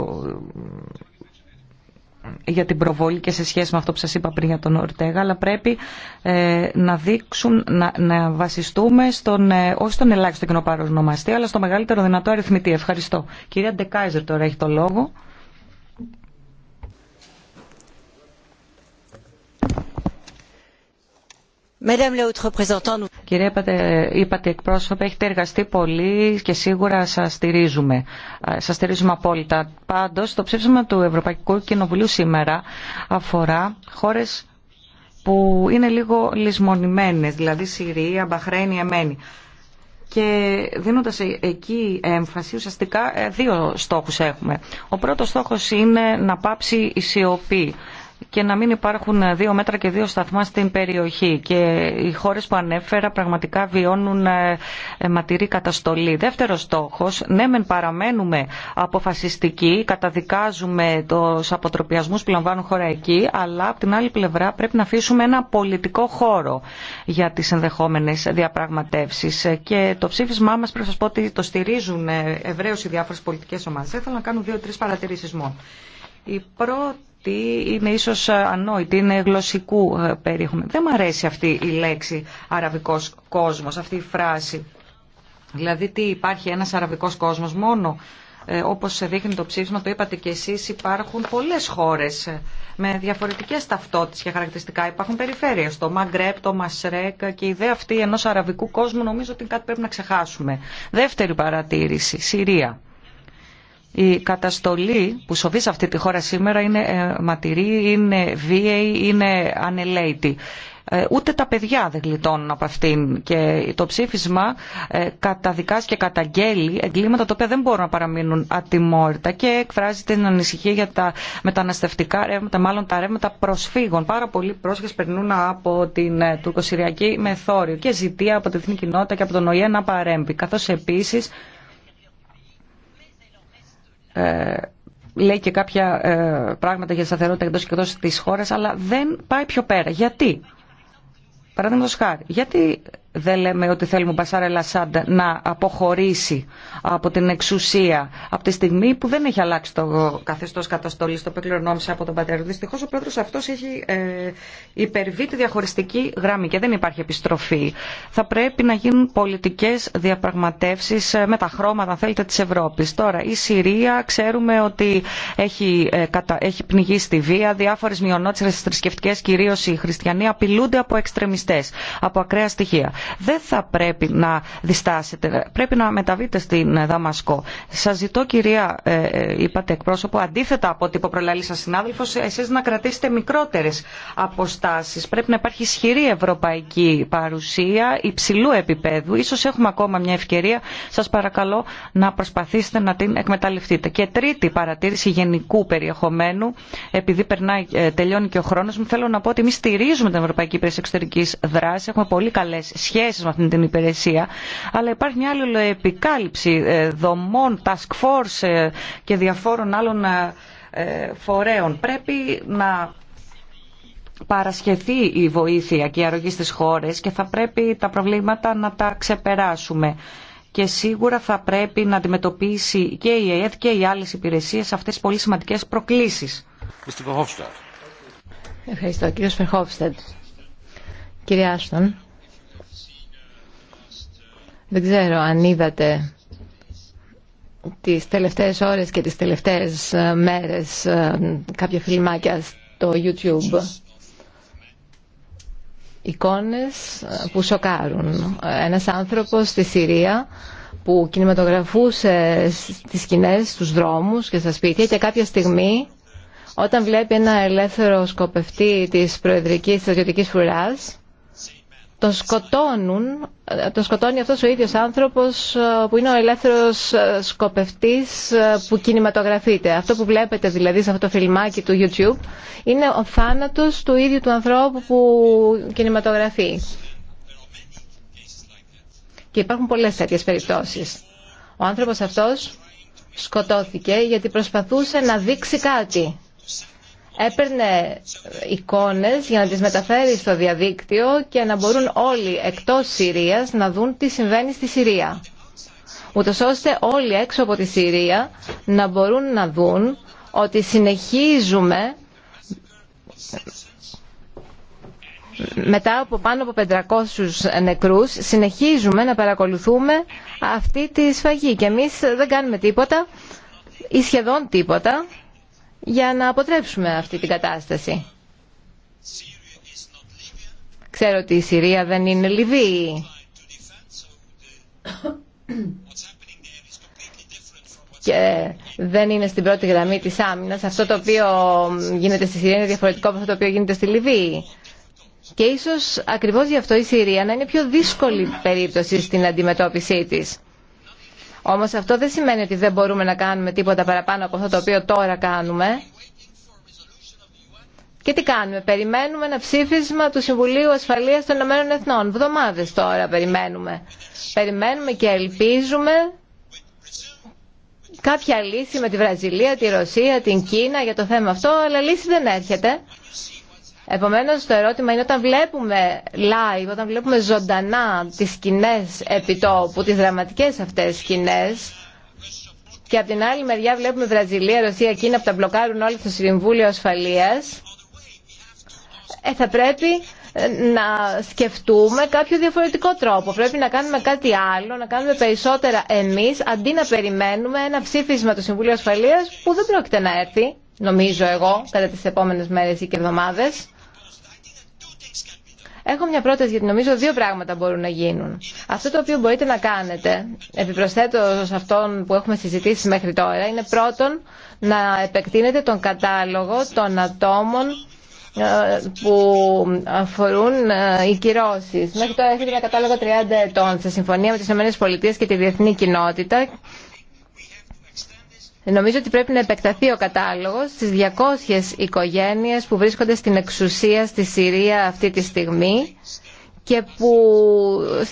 για την προβολή και σε σχέση με αυτό που σας είπα πριν για τον Ορτέγα, αλλά πρέπει ε, να δείξουν, να, να βασιστούμε στον, ε, όχι στον ελάχιστο κοινοπαρονομαστή, αλλά στο μεγαλύτερο δυνατό αριθμητή. Ευχαριστώ. Κυρία Ντεκάιζερ τώρα έχει το λόγο. Κυρία είπατε εκπρόσωπε, έχετε εργαστεί πολύ και σίγουρα σας στηρίζουμε. Σας στηρίζουμε απόλυτα. Πάντως, το ψήφισμα του Ευρωπαϊκού Κοινοβουλίου σήμερα αφορά χώρες που είναι λίγο λησμονημένες, δηλαδή Συρία, Μπαχρέιν, Εμένη. Και δίνοντας ε, εκεί έμφαση, ουσιαστικά ε, δύο στόχους έχουμε. Ο πρώτος στόχος είναι να πάψει η σιωπή και να μην υπάρχουν δύο μέτρα και δύο σταθμά στην περιοχή. Και οι χώρε που ανέφερα πραγματικά βιώνουν ε, ε, ματηρή καταστολή. Δεύτερο στόχο, ναι μεν παραμένουμε αποφασιστικοί, καταδικάζουμε του αποτροπιασμού που λαμβάνουν χώρα εκεί, αλλά από την άλλη πλευρά πρέπει να αφήσουμε ένα πολιτικό χώρο για τι ενδεχόμενε διαπραγματεύσει. Και το ψήφισμά μα πρέπει να σα πω ότι το στηρίζουν ε, ευρέω οι διάφορε πολιτικέ ομάδε. Θα ήθελα να κάνω δύο-τρει παρατηρήσει μόνο. Η πρώτη είναι ίσως ανόητη, είναι γλωσσικού ε, περίχουμε. Δεν μου αρέσει αυτή η λέξη αραβικός κόσμος, αυτή η φράση. Δηλαδή τι υπάρχει ένας αραβικός κόσμος μόνο ε, όπως δείχνει το ψήφισμα, το είπατε και εσείς, υπάρχουν πολλές χώρες ε, με διαφορετικές ταυτότητες και χαρακτηριστικά. Υπάρχουν περιφέρειες, το Μαγκρέπ, το Μασρέκ και η ιδέα αυτή ενός αραβικού κόσμου νομίζω ότι κάτι πρέπει να ξεχάσουμε. Δεύτερη παρατήρηση, Συρία. Η καταστολή που σοβεί σε αυτή τη χώρα σήμερα είναι ε, ματηρή, είναι βίαιη, είναι ανελαίτη. Ε, ούτε τα παιδιά δεν γλιτώνουν από αυτήν και το ψήφισμα ε, καταδικάζει και καταγγέλει εγκλήματα τα οποία δεν μπορούν να παραμείνουν ατιμόρυτα και εκφράζει την ανησυχία για τα μεταναστευτικά ρεύματα, μάλλον τα ρεύματα προσφύγων. Πάρα πολλοί πρόσφυγες περνούν από την τουρκοσυριακή μεθόριο και ζητεί από την εθνική κοινότητα και από τον ΟΗΕ να παρέμβει. Καθώς επίσης ε, λέει και κάποια ε, πράγματα για σταθερότητα εντό και εκτό τη χώρα, αλλά δεν πάει πιο πέρα. Γιατί, παραδείγματο χάρη, γιατί δεν λέμε ότι θέλουμε ο Μπασάρ Ελασάντ να αποχωρήσει από την εξουσία από τη στιγμή που δεν έχει αλλάξει το καθεστώ καταστολή, το οποίο από τον πατέρα. Δυστυχώ ο πρόεδρο αυτό έχει ε, υπερβεί τη διαχωριστική γραμμή και δεν υπάρχει επιστροφή. Θα πρέπει να γίνουν πολιτικέ διαπραγματεύσει ε, με τα χρώματα, αν θέλετε, τη Ευρώπη. Τώρα, η Συρία ξέρουμε ότι έχει, ε, έχει πνιγεί στη βία. Διάφορε μειονότητε θρησκευτικέ, κυρίω οι χριστιανοί, απειλούνται από εξτρεμιστέ, από ακραία στοιχεία δεν θα πρέπει να διστάσετε. Πρέπει να μεταβείτε στην Δαμασκό. Σα ζητώ, κυρία, ε, ε, είπατε εκπρόσωπο, αντίθετα από ό,τι υποπρολαλήσα σα συνάδελφο, εσεί να κρατήσετε μικρότερε αποστάσει. Πρέπει να υπάρχει ισχυρή ευρωπαϊκή παρουσία υψηλού επίπεδου. σω έχουμε ακόμα μια ευκαιρία. Σα παρακαλώ να προσπαθήσετε να την εκμεταλλευτείτε. Και τρίτη παρατήρηση γενικού περιεχομένου, επειδή περνάει, ε, τελειώνει και ο χρόνο μου, θέλω να πω ότι εμεί στηρίζουμε την Ευρωπαϊκή Υπηρεσία Εξωτερική Δράση. Έχουμε πολύ καλέ σχέσεις με αυτή την υπηρεσία, αλλά υπάρχει μια άλλη επικάλυψη ε, δομών, task force ε, και διαφόρων άλλων ε, φορέων. Πρέπει να παρασχεθεί η βοήθεια και η αρρωγή στις χώρες και θα πρέπει τα προβλήματα να τα ξεπεράσουμε. Και σίγουρα θα πρέπει να αντιμετωπίσει και η ΕΕΔ και οι άλλες υπηρεσίες αυτές τις πολύ σημαντικές προκλήσεις.
Ευχαριστώ. Κύριος δεν ξέρω αν είδατε τις τελευταίες ώρες και τις τελευταίες ε, μέρες ε, κάποια φιλμάκια στο YouTube. Εικόνες ε, που σοκάρουν. Ένας άνθρωπος στη Συρία που κινηματογραφούσε τις σκηνές, στους δρόμους και στα σπίτια και κάποια στιγμή όταν βλέπει ένα ελεύθερο σκοπευτή της προεδρικής στρατιωτικής φρουράς το σκοτώνουν, το σκοτώνει αυτός ο ίδιος άνθρωπος ε, που είναι ο ελεύθερος ε, σκοπευτής ε, που κινηματογραφείται. Αυτό που βλέπετε δηλαδή σε αυτό το φιλμάκι του YouTube είναι ο θάνατος του ίδιου του ανθρώπου που κινηματογραφεί. Και υπάρχουν πολλές τέτοιε περιπτώσεις. Ο άνθρωπος αυτός σκοτώθηκε γιατί προσπαθούσε να δείξει κάτι έπαιρνε εικόνες για να τις μεταφέρει στο διαδίκτυο και να μπορούν όλοι εκτός Συρίας να δουν τι συμβαίνει στη Συρία. Ούτως ώστε όλοι έξω από τη Συρία να μπορούν να δουν ότι συνεχίζουμε μετά από πάνω από 500 νεκρούς συνεχίζουμε να παρακολουθούμε αυτή τη σφαγή και εμείς δεν κάνουμε τίποτα ή σχεδόν τίποτα για να αποτρέψουμε αυτή την κατάσταση. Ξέρω ότι η Συρία δεν είναι Λιβύη. Και δεν είναι στην πρώτη γραμμή της άμυνας. Αυτό το οποίο γίνεται στη Συρία είναι διαφορετικό από αυτό το οποίο γίνεται στη Λιβύη. Και ίσως ακριβώς γι' αυτό η Συρία να είναι πιο δύσκολη περίπτωση στην αντιμετώπιση της. Όμω αυτό δεν σημαίνει ότι δεν μπορούμε να κάνουμε τίποτα παραπάνω από αυτό το οποίο τώρα κάνουμε. Και τι κάνουμε, περιμένουμε ένα ψήφισμα του Συμβουλίου Ασφαλείας των Ηνωμένων Εθνών. Βδομάδες τώρα περιμένουμε. Περιμένουμε και ελπίζουμε κάποια λύση με τη Βραζιλία, τη Ρωσία, την Κίνα για το θέμα αυτό, αλλά λύση δεν έρχεται. Επομένως το ερώτημα είναι όταν βλέπουμε live, όταν βλέπουμε ζωντανά τις σκηνέ επιτόπου, τις δραματικές αυτές σκηνέ. και από την άλλη μεριά βλέπουμε Βραζιλία, Ρωσία, Κίνα που τα μπλοκάρουν όλοι στο Συμβούλιο Ασφαλείας ε, θα πρέπει ε, να σκεφτούμε κάποιο διαφορετικό τρόπο. Πρέπει να κάνουμε κάτι άλλο, να κάνουμε περισσότερα εμείς, αντί να περιμένουμε ένα ψήφισμα του Συμβουλίου Ασφαλείας που δεν πρόκειται να έρθει νομίζω εγώ, κατά τις επόμενες μέρες ή και εβδομάδες. Έχω μια πρόταση γιατί νομίζω δύο πράγματα μπορούν να γίνουν. Αυτό το οποίο μπορείτε να κάνετε, επιπροσθέτω σε αυτόν που έχουμε συζητήσει μέχρι τώρα, είναι πρώτον να επεκτείνετε τον κατάλογο των ατόμων ε, που αφορούν ε, οι κυρώσει. Μέχρι τώρα έχετε ένα κατάλογο 30 ετών σε συμφωνία με τι ΗΠΑ και τη διεθνή κοινότητα Νομίζω ότι πρέπει να επεκταθεί ο κατάλογος στις 200 οικογένειες που βρίσκονται στην εξουσία στη Συρία αυτή τη στιγμή και που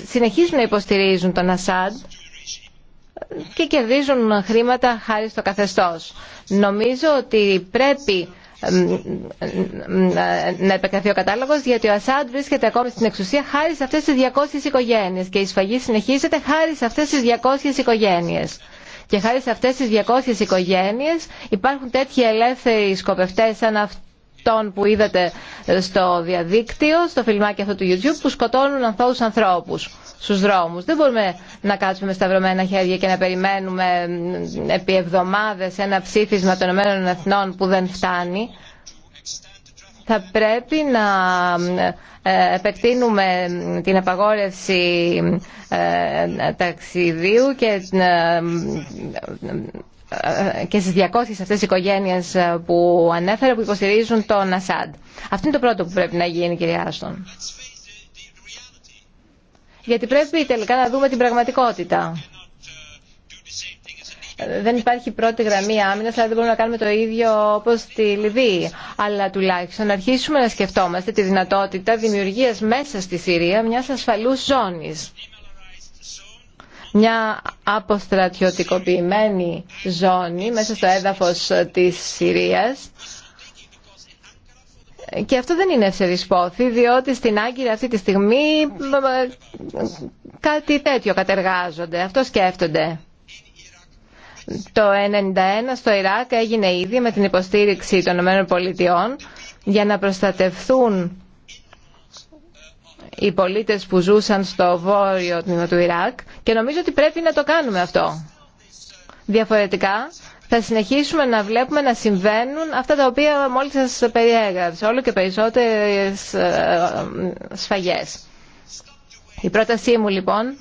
συνεχίζουν να υποστηρίζουν τον Ασάντ και κερδίζουν χρήματα χάρη στο καθεστώς. Νομίζω ότι πρέπει να επεκταθεί ο κατάλογος γιατί ο Ασάντ βρίσκεται ακόμη στην εξουσία χάρη σε αυτές τις 200 οικογένειες και η σφαγή συνεχίζεται χάρη σε αυτές τις 200 οικογένειες. Και χάρη σε αυτές τις 200 οικογένειες υπάρχουν τέτοιοι ελεύθεροι σκοπευτές σαν αυτόν που είδατε στο διαδίκτυο, στο φιλμάκι αυτό του YouTube, που σκοτώνουν ανθρώπους ανθρώπους στους δρόμους. Δεν μπορούμε να κάτσουμε με σταυρωμένα χέρια και να περιμένουμε επί εβδομάδες ένα ψήφισμα των εθνών που δεν φτάνει. Θα πρέπει να ε, επεκτείνουμε την απαγόρευση ε, ταξιδίου και ε, και στις 200 αυτές οι οικογένειες που ανέφερα που υποστηρίζουν τον Ασάντ. Αυτό είναι το πρώτο που πρέπει να γίνει κυρία Άστον. Γιατί πρέπει τελικά να δούμε την πραγματικότητα δεν υπάρχει πρώτη γραμμή άμυνα, αλλά δεν μπορούμε να κάνουμε το ίδιο όπως στη Λιβύη. Αλλά τουλάχιστον να αρχίσουμε να σκεφτόμαστε τη δυνατότητα δημιουργίας μέσα στη Συρία μιας ασφαλούς ζώνης. Μια αποστρατιωτικοποιημένη ζώνη μέσα στο έδαφος της Συρίας και αυτό δεν είναι ευσεβισπόθη, διότι στην Άγκυρα αυτή τη στιγμή κάτι τέτοιο κατεργάζονται. Αυτό σκέφτονται. Το 1991 στο Ιράκ έγινε ήδη με την υποστήριξη των ΗΠΑ για να προστατευθούν οι πολίτες που ζούσαν στο βόρειο τμήμα του Ιράκ και νομίζω ότι πρέπει να το κάνουμε αυτό. Διαφορετικά θα συνεχίσουμε να βλέπουμε να συμβαίνουν αυτά τα οποία μόλις σας περιέγραψα, όλο και περισσότερες ε, ε, σφαγές. Η πρότασή μου λοιπόν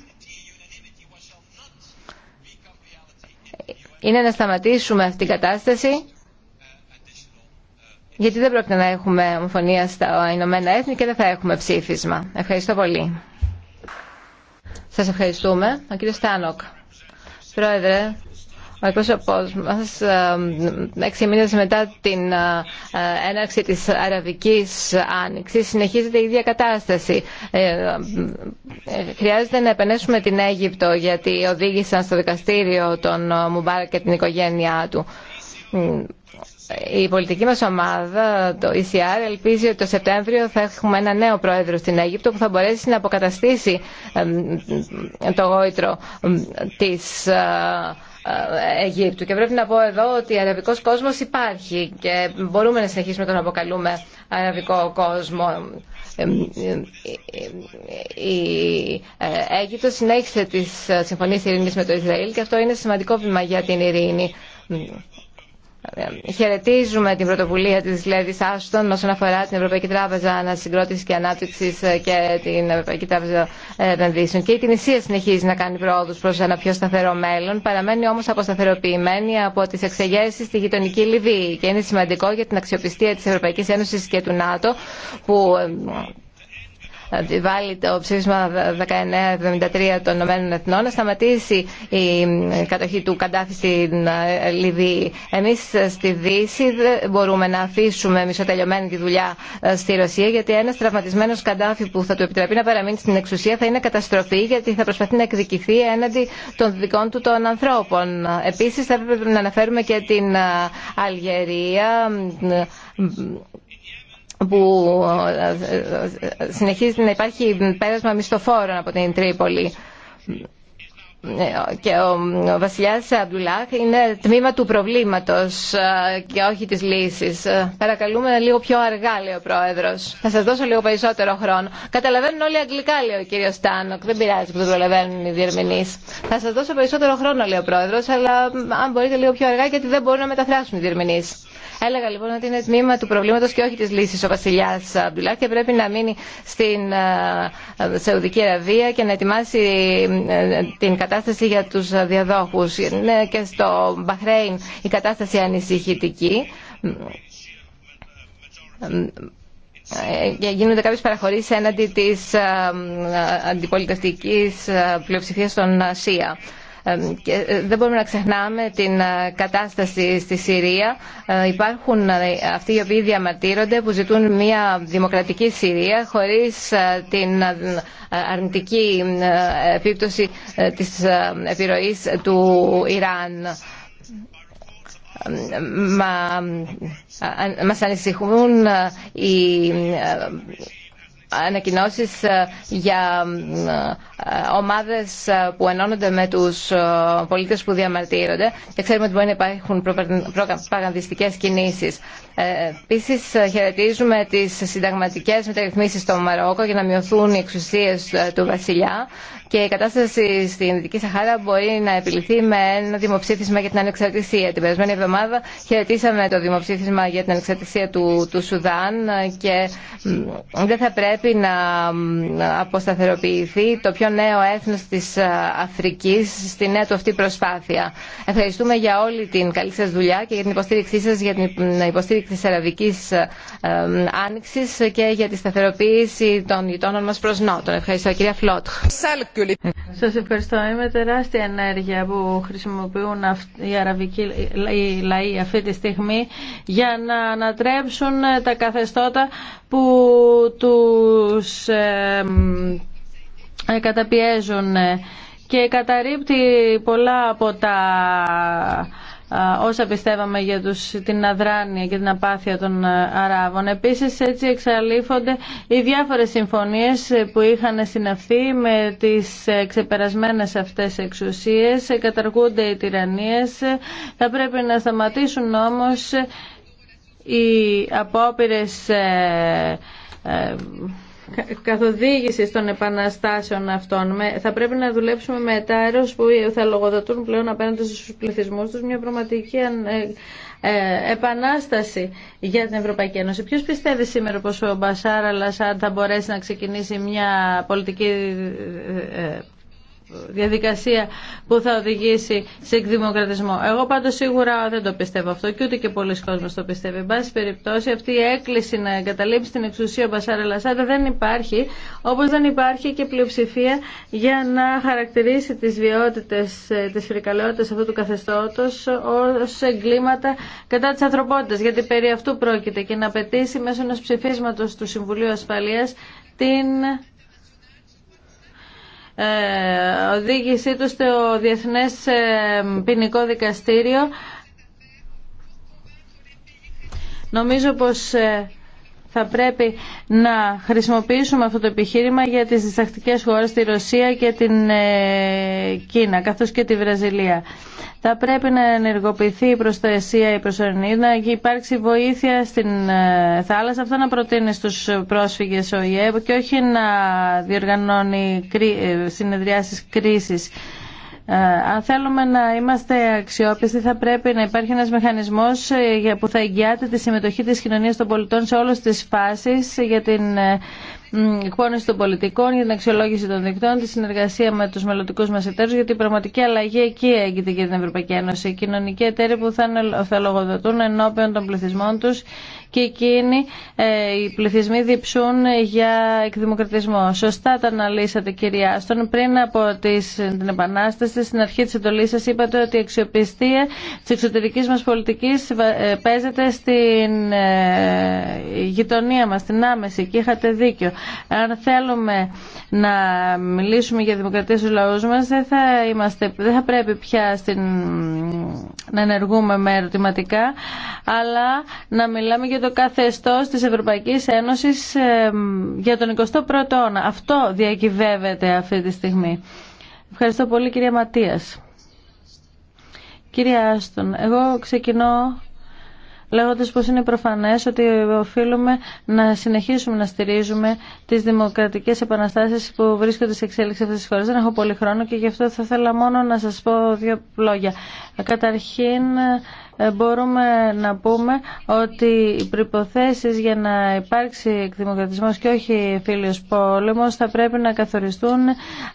είναι να σταματήσουμε αυτή την κατάσταση γιατί δεν πρόκειται να έχουμε ομοφωνία στα Ηνωμένα Έθνη και δεν θα έχουμε ψήφισμα. Ευχαριστώ πολύ. Σας ευχαριστούμε. Ο κύριος Πρόεδρε, ο εκπρόσωπο μας, ε, έξι μήνε μετά την ε, ε, έναρξη της Αραβικής άνοιξη, συνεχίζεται η ίδια κατάσταση. Χρειάζεται να επενέσουμε την Αίγυπτο γιατί οδήγησαν στο δικαστήριο τον Μουμπάρα και την οικογένειά του. Η πολιτική μας ομάδα, το ECR, ελπίζει ότι το Σεπτέμβριο θα έχουμε ένα νέο πρόεδρο στην Αίγυπτο που θα μπορέσει να αποκαταστήσει το γόητρο της ε, ε, Αιγύπτου. Και πρέπει να πω εδώ ότι ο αραβικός κόσμος υπάρχει και μπορούμε να συνεχίσουμε τον αποκαλούμε αραβικό κόσμο. Ε, η Αίγυπτος συνέχισε τις συμφωνίες ειρήνης με το Ισραήλ και αυτό είναι σημαντικό βήμα για την ειρήνη. Ε, χαιρετίζουμε την πρωτοβουλία της Λέδη Άστον όσον αφορά την Ευρωπαϊκή Τράπεζα ανασυγκρότηση και ανάπτυξη ε, και την Ευρωπαϊκή Τράπεζα ε, Επενδύσεων. Και η Τινησία συνεχίζει να κάνει πρόοδους προς ένα πιο σταθερό μέλλον, παραμένει όμως αποσταθεροποιημένη από τις εξεγέρσεις στη γειτονική Λιβύη και είναι σημαντικό για την αξιοπιστία τη Ευρωπαϊκή Ένωση και του ΝΑΤΟ που Βάλει το ψήφισμα 1973 των Ηνωμένων Εθνών να σταματήσει η κατοχή του Καντάφη στην ε, Λιβύη. Εμείς στη Δύση δεν μπορούμε να αφήσουμε μισοτελειωμένη τη δουλειά ε, στη Ρωσία γιατί ένας τραυματισμένο Καντάφη που θα του επιτραπεί να παραμείνει στην εξουσία θα είναι καταστροφή γιατί θα προσπαθεί να εκδικηθεί έναντι των δικών του των ανθρώπων. Επίση, θα έπρεπε να αναφέρουμε και την ε, Αλγερία που ε, ε, συνεχίζει να υπάρχει πέρασμα μισθοφόρων από την Τρίπολη και ο βασιλιάς Αμπτουλάχ είναι τμήμα του προβλήματος ε, και όχι της λύσης. Παρακαλούμε λίγο πιο αργά, λέει ο πρόεδρος. Θα σας δώσω λίγο περισσότερο χρόνο. Καταλαβαίνουν όλοι αγγλικά, λέει ο κύριος Τάνοκ. Δεν πειράζει που το προλαβαίνουν οι διερμηνείς. Θα σας δώσω περισσότερο χρόνο, λέει ο πρόεδρος, αλλά αν μπορείτε λίγο πιο αργά γιατί δεν μπορούν να μεταφράσουν οι διερμηνείς. Έλεγα λοιπόν ότι είναι τμήμα του προβλήματο και όχι τη λύση ο βασιλιά Αμπτουλάχ και πρέπει να μείνει στην ε, ε, Σαουδική Αραβία και να ετοιμάσει ε, την κατάσταση για του διαδόχου. Ναι, και στο Μπαχρέιν η κατάσταση ανησυχητική γίνονται κάποιες παραχωρήσει έναντι της αντιπολιτευτικής πλειοψηφίας των Ασία. Και ε, δεν μπορούμε να ξεχνάμε την ε, κατάσταση στη Συρία. Ε, υπάρχουν αυτοί οι οποίοι διαμαρτύρονται που ζητούν μια δημοκρατική Συρία χωρίς την αρνητική επίπτωση της επιρροής του Ιράν. Μα, μας ανησυχούν οι ανακοινώσεις ε, για ε, ομάδες ε, που ενώνονται με τους πολίτες που διαμαρτύρονται και ξέρουμε ότι μπορεί να υπάρχουν προπαγανδιστικέ κινήσεις. Επίση, χαιρετίζουμε τι συνταγματικέ μεταρρυθμίσει στο Μαρόκο για να μειωθούν οι εξουσίε του βασιλιά και η κατάσταση στην Δυτική Σαχάρα μπορεί να επιληθεί με ένα δημοψήφισμα για την ανεξαρτησία. Την περασμένη εβδομάδα χαιρετήσαμε το δημοψήφισμα για την ανεξαρτησία του, του Σουδάν και δεν θα πρέπει πρέπει να αποσταθεροποιηθεί το πιο νέο έθνος της ε, Αφρικής στην νέα αυτή προσπάθεια. Ευχαριστούμε για όλη την καλή σας δουλειά και για την υποστήριξή σας για την υποστήριξη της Αραβικής ε, Άνοιξης και για τη σταθεροποίηση των γειτόνων μας προς νότων. Ευχαριστώ κυρία Φλότχ. Σας ευχαριστώ. Είμαι τεράστια ενέργεια που χρησιμοποιούν
οι αραβικοί λαοί αυτή τη στιγμή για να ανατρέψουν τα καθεστώτα που του τους ε, καταπιέζουν και καταρρύπτει πολλά από τα όσα πιστεύαμε για τους, την αδράνεια και την απάθεια των ε, Αράβων. Επίσης έτσι εξαλείφονται οι διάφορες συμφωνίες που είχαν συναυθεί με τις ε, ξεπερασμένες αυτές εξουσίες, καταργούνται οι τυραννίες. Θα πρέπει να σταματήσουν όμως οι απόπειρες ε, καθοδήγηση των επαναστάσεων αυτών. Θα πρέπει να δουλέψουμε με τάρρους που θα λογοδοτούν πλέον απέναντι στους πληθυσμούς τους μια πραγματική ε, ε, επανάσταση για την Ευρωπαϊκή Ένωση. Ποιος πιστεύει σήμερα πως ο Μπασάρα Λασάν θα μπορέσει να ξεκινήσει μια πολιτική διαδικασία που θα οδηγήσει σε εκδημοκρατισμό. Εγώ πάντως σίγουρα δεν το πιστεύω αυτό και ούτε και πολλοί κόσμος το πιστεύει. Εν πάση περιπτώσει αυτή η έκκληση να εγκαταλείψει την εξουσία Μπασάρα Λασάντα δεν υπάρχει, όπως δεν υπάρχει και πλειοψηφία για να χαρακτηρίσει τις βιότητες, ε, τις φρικαλαιότητες αυτού του καθεστώτος ως εγκλήματα κατά της ανθρωπότητας, γιατί περί αυτού πρόκειται και να απαιτήσει μέσω ενός ψηφίσματο του Συμβουλίου Ασφαλείας την ε, οδήγησή του στο Διεθνές ε, Ποινικό Δικαστήριο. Νομίζω πως ε, θα πρέπει να χρησιμοποιήσουμε αυτό το επιχείρημα για τις διστακτικές χώρες, τη Ρωσία και την ε, Κίνα, καθώς και τη Βραζιλία. Θα πρέπει να ενεργοποιηθεί η προστασία η προσωρινή, να υπάρξει βοήθεια στην ε, θάλασσα. Αυτό να προτείνει στους πρόσφυγες ο ΙΕΒ και όχι να διοργανώνει ε, συνεδριάσεις κρίσης. Ε, αν θέλουμε να είμαστε αξιόπιστοι θα πρέπει να υπάρχει ένας μηχανισμός ε, που θα εγγυάται τη συμμετοχή της κοινωνίας των πολιτών σε όλες τις φάσεις για την ε, εκπόνηση των πολιτικών, για την αξιολόγηση των δικτών, τη συνεργασία με του μελλοντικού μα εταίρου, γιατί η πραγματική αλλαγή εκεί έγκυται για την Ευρωπαϊκή Ένωση. Οι κοινωνικοί εταίροι που θα, θα λογοδοτούν ενώπιον των πληθυσμών του και εκείνοι ε, οι πληθυσμοί διψούν για εκδημοκρατισμό. Σωστά τα αναλύσατε, κυρία Άστον. Πριν από τις, την Επανάσταση, στην αρχή τη εντολή σα, είπατε ότι η αξιοπιστία τη εξωτερική μα πολιτική ε, παίζεται στην ε, γειτονία μα, την άμεση, και είχατε δίκιο. Αν θέλουμε να μιλήσουμε για δημοκρατία στους λαούς μας, δεν θα, είμαστε, δεν θα πρέπει πια στην, να ενεργούμε με ερωτηματικά, αλλά να μιλάμε για το καθεστώς της Ευρωπαϊκής Ένωσης ε, για τον 21ο αιώνα. Αυτό διακυβεύεται αυτή τη στιγμή. Ευχαριστώ πολύ κυρία Ματίας. Κυρία Άστον, εγώ ξεκινώ Λέγοντα πώ είναι προφανέ ότι οφείλουμε να συνεχίσουμε να στηρίζουμε τι δημοκρατικέ επαναστάσει που βρίσκονται σε εξέλιξη αυτή τη χώρα. Δεν έχω πολύ χρόνο και γι' αυτό θα ήθελα μόνο να σα πω δύο λόγια. Καταρχήν, ε, μπορούμε να πούμε ότι οι προποθέσει για να υπάρξει εκδημοκρατισμός και όχι φίλος πόλεμος θα πρέπει να καθοριστούν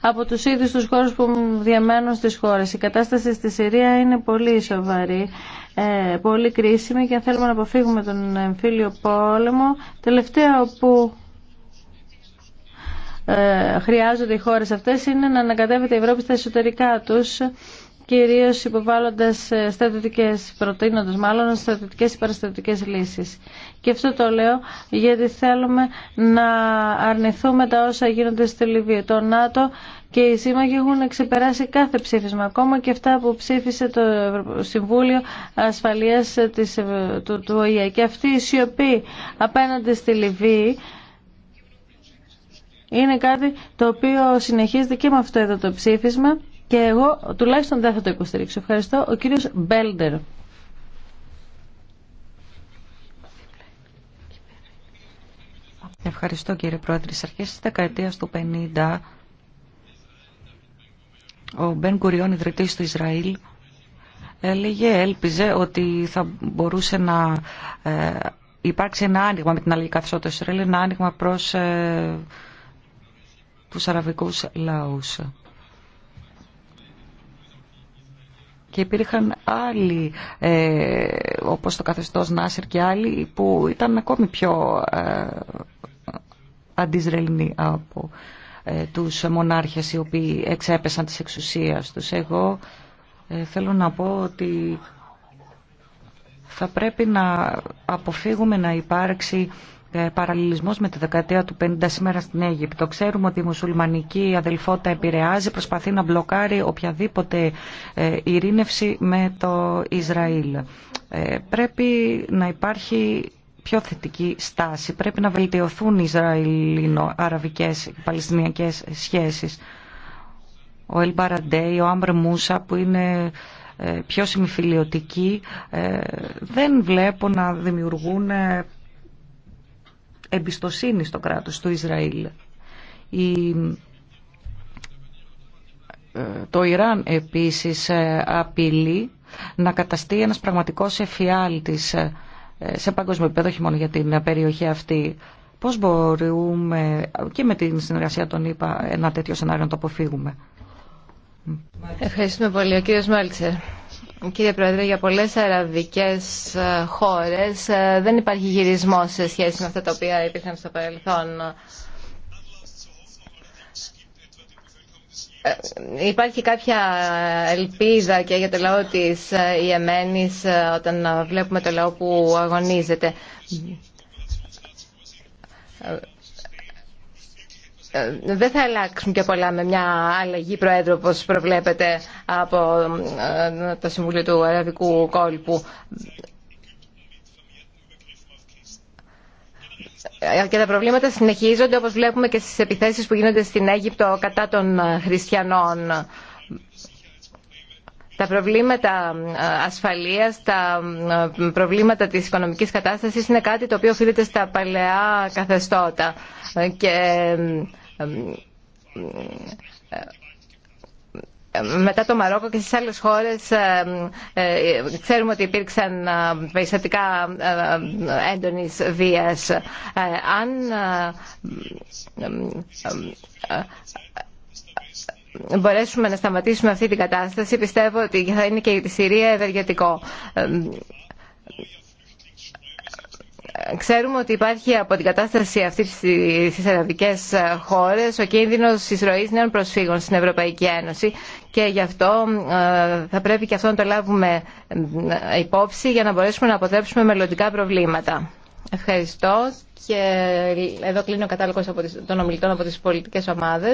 από τους ίδιους τους χώρους που διαμένουν στις χώρες. Η κατάσταση στη Συρία είναι πολύ σοβαρή ε, πολύ κρίσιμη και αν θέλουμε να αποφύγουμε τον εμφύλιο πόλεμο, τελευταία που ε, χρειάζονται οι χώρες αυτές είναι να ανακατεύεται η Ευρώπη στα εσωτερικά τους κυρίως υποβάλλοντας ε, στρατιωτικές, προτείνοντας μάλλον στρατιωτικές ή παραστατικές λύσεις. Και αυτό το λέω γιατί θέλουμε να αρνηθούμε τα όσα γίνονται στη Λιβύη. Το ΝΑΤΟ και οι σύμμαχοι έχουν ξεπεράσει κάθε ψήφισμα, ακόμα και αυτά που ψήφισε το Συμβούλιο Ασφαλείας της, του, του Και αυτή η σιωπή απέναντι στη Λιβύη είναι κάτι το οποίο συνεχίζεται και με αυτό εδώ το ψήφισμα και εγώ τουλάχιστον δεν θα το υποστηρίξω. Ευχαριστώ. Ο
κύριος Μπέλντερ. Ευχαριστώ κύριε Πρόεδρε. Στις αρχές της δεκαετίας του 50 ο Μπεν Κουριόν, ιδρυτής του Ισραήλ, έλεγε, έλπιζε ότι θα μπορούσε να ε, υπάρξει ένα άνοιγμα με την αλληλή καθισότητα του Ισραήλ, ένα άνοιγμα προς ε, τους αραβικούς λαούς. Και υπήρχαν άλλοι, ε, όπως το καθεστώς Νάσερ και άλλοι, που ήταν ακόμη πιο ε, από ε, τους μονάρχες οι οποίοι εξέπεσαν της εξουσίας τους. Εγώ ε, θέλω να πω ότι θα πρέπει να αποφύγουμε να υπάρξει ε, παραλληλισμός με τη δεκαετία του 50 σήμερα στην Αίγυπτο. Ξέρουμε ότι η μουσουλμανική αδελφότητα επηρεάζει, προσπαθεί να μπλοκάρει οποιαδήποτε ειρήνευση με το Ισραήλ. Πρέπει να υπάρχει πιο θετική στάση. Πρέπει να βελτιωθούν οι Ισραηλινο-αραβικές παλαιστινιακές σχέσεις. Ο Ελ Μπαραντέι, ο Άμπρε Μούσα που είναι ε, πιο συμφιλιωτικοί ε, δεν βλέπω να δημιουργούν ε, εμπιστοσύνη στο κράτος του Ισραήλ. Η... Το Ιράν επίσης απειλεί να καταστεί ένας πραγματικός εφιάλτης σε παγκόσμιο επίπεδο, όχι μόνο για την περιοχή αυτή. Πώς μπορούμε και με την συνεργασία των ΗΠΑ ένα τέτοιο σενάριο να το αποφύγουμε.
Ευχαριστούμε πολύ. Ο κύριος Μάλτσερ. Κύριε Πρόεδρε, για πολλές αραβικές ε, χώρες ε, δεν υπάρχει γυρισμός σε σχέση με αυτά τα οποία υπήρχαν στο παρελθόν. Ε, υπάρχει κάποια ελπίδα και για το λαό της ε, Ιεμένης ε, όταν βλέπουμε το λαό που αγωνίζεται. Δεν θα αλλάξουν και πολλά με μια αλλαγή προέδρου όπως προβλέπεται από το Συμβούλιο του Αραβικού Κόλπου. και τα προβλήματα συνεχίζονται όπως βλέπουμε και στις επιθέσεις που γίνονται στην Αίγυπτο κατά των ε, χριστιανών. Τα προβλήματα ε, ασφαλείας, τα ε, προβλήματα της οικονομικής κατάστασης είναι κάτι το οποίο οφείλεται στα παλαιά καθεστώτα. Και μετά το Μαρόκο και στις άλλες χώρες ε, ε, ξέρουμε ότι υπήρξαν ε, περιστατικά έντονης βίας. Αν μπορέσουμε να σταματήσουμε αυτή την κατάσταση, πιστεύω ότι θα είναι και η Συρία ευεργετικό Ξέρουμε ότι υπάρχει από την κατάσταση αυτή στις αραβικέ χώρες ο κίνδυνος ροή νέων προσφύγων στην Ευρωπαϊκή Ένωση και γι' αυτό ε, θα πρέπει και αυτό να το λάβουμε ε, υπόψη για να μπορέσουμε να αποτρέψουμε μελλοντικά προβλήματα. Ευχαριστώ και εδώ κλείνω ο κατάλογο των ομιλητών από τις πολιτικέ ομάδε.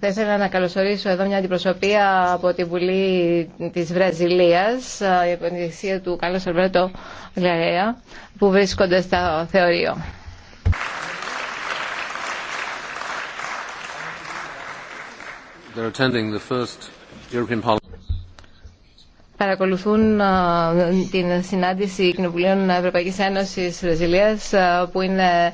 Θα ήθελα να καλωσορίσω εδώ μια αντιπροσωπεία από την Βουλή της Βραζιλίας, η επενδυσία του Κάλλος Αλβέρτο Λαρέα, που βρίσκονται στο θεωρείο. Παρακολουθούν την συνάντηση Κοινοβουλίων Ευρωπαϊκής Ένωσης Βραζιλίας, που είναι